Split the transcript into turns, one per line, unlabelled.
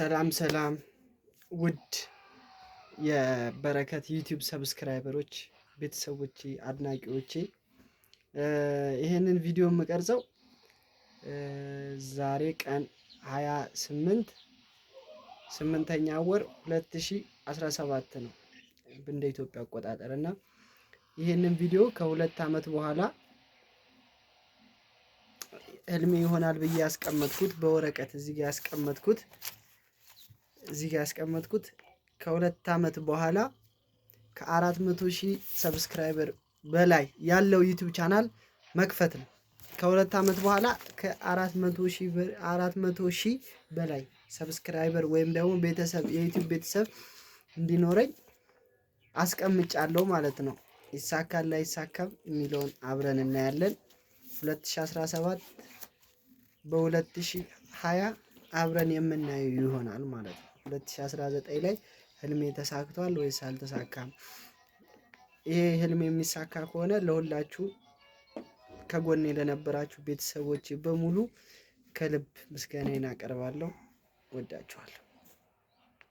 ሰላም ሰላም ውድ የበረከት ዩቲዩብ ሰብስክራይበሮች ቤተሰቦች አድናቂዎቼ ይህንን ቪዲዮ የምቀርጸው ዛሬ ቀን 28 ስምንተኛ ወር 2017 ነው እንደ ኢትዮጵያ አቆጣጠር እና ይህንን ቪዲዮ ከሁለት ዓመት በኋላ ህልሜ ይሆናል ብዬ ያስቀመጥኩት በወረቀት እዚህ ጋር ያስቀመጥኩት እዚህ ያስቀመጥኩት ከሁለት ዓመት በኋላ ከአራት መቶ ሺህ ሰብስክራይበር በላይ ያለው ዩቲዩብ ቻናል መክፈት ነው። ከሁለት ዓመት በኋላ ከአራት መቶ ሺህ በላይ ሰብስክራይበር ወይም ደግሞ ቤተሰብ የዩቲዩብ ቤተሰብ እንዲኖረኝ አስቀምጫለሁ ማለት ነው። ይሳካል ላይሳካም የሚለውን አብረን እናያለን። 2017 በ2020 አብረን የምናየው ይሆናል ማለት ነው። 2019 ላይ ህልሜ ተሳክቷል ወይስ አልተሳካም? ይሄ ህልም የሚሳካ ከሆነ ለሁላችሁ ከጎኔ ለነበራችሁ ቤተሰቦች በሙሉ ከልብ ምስጋናዬን አቀርባለሁ። ወዳችኋለሁ።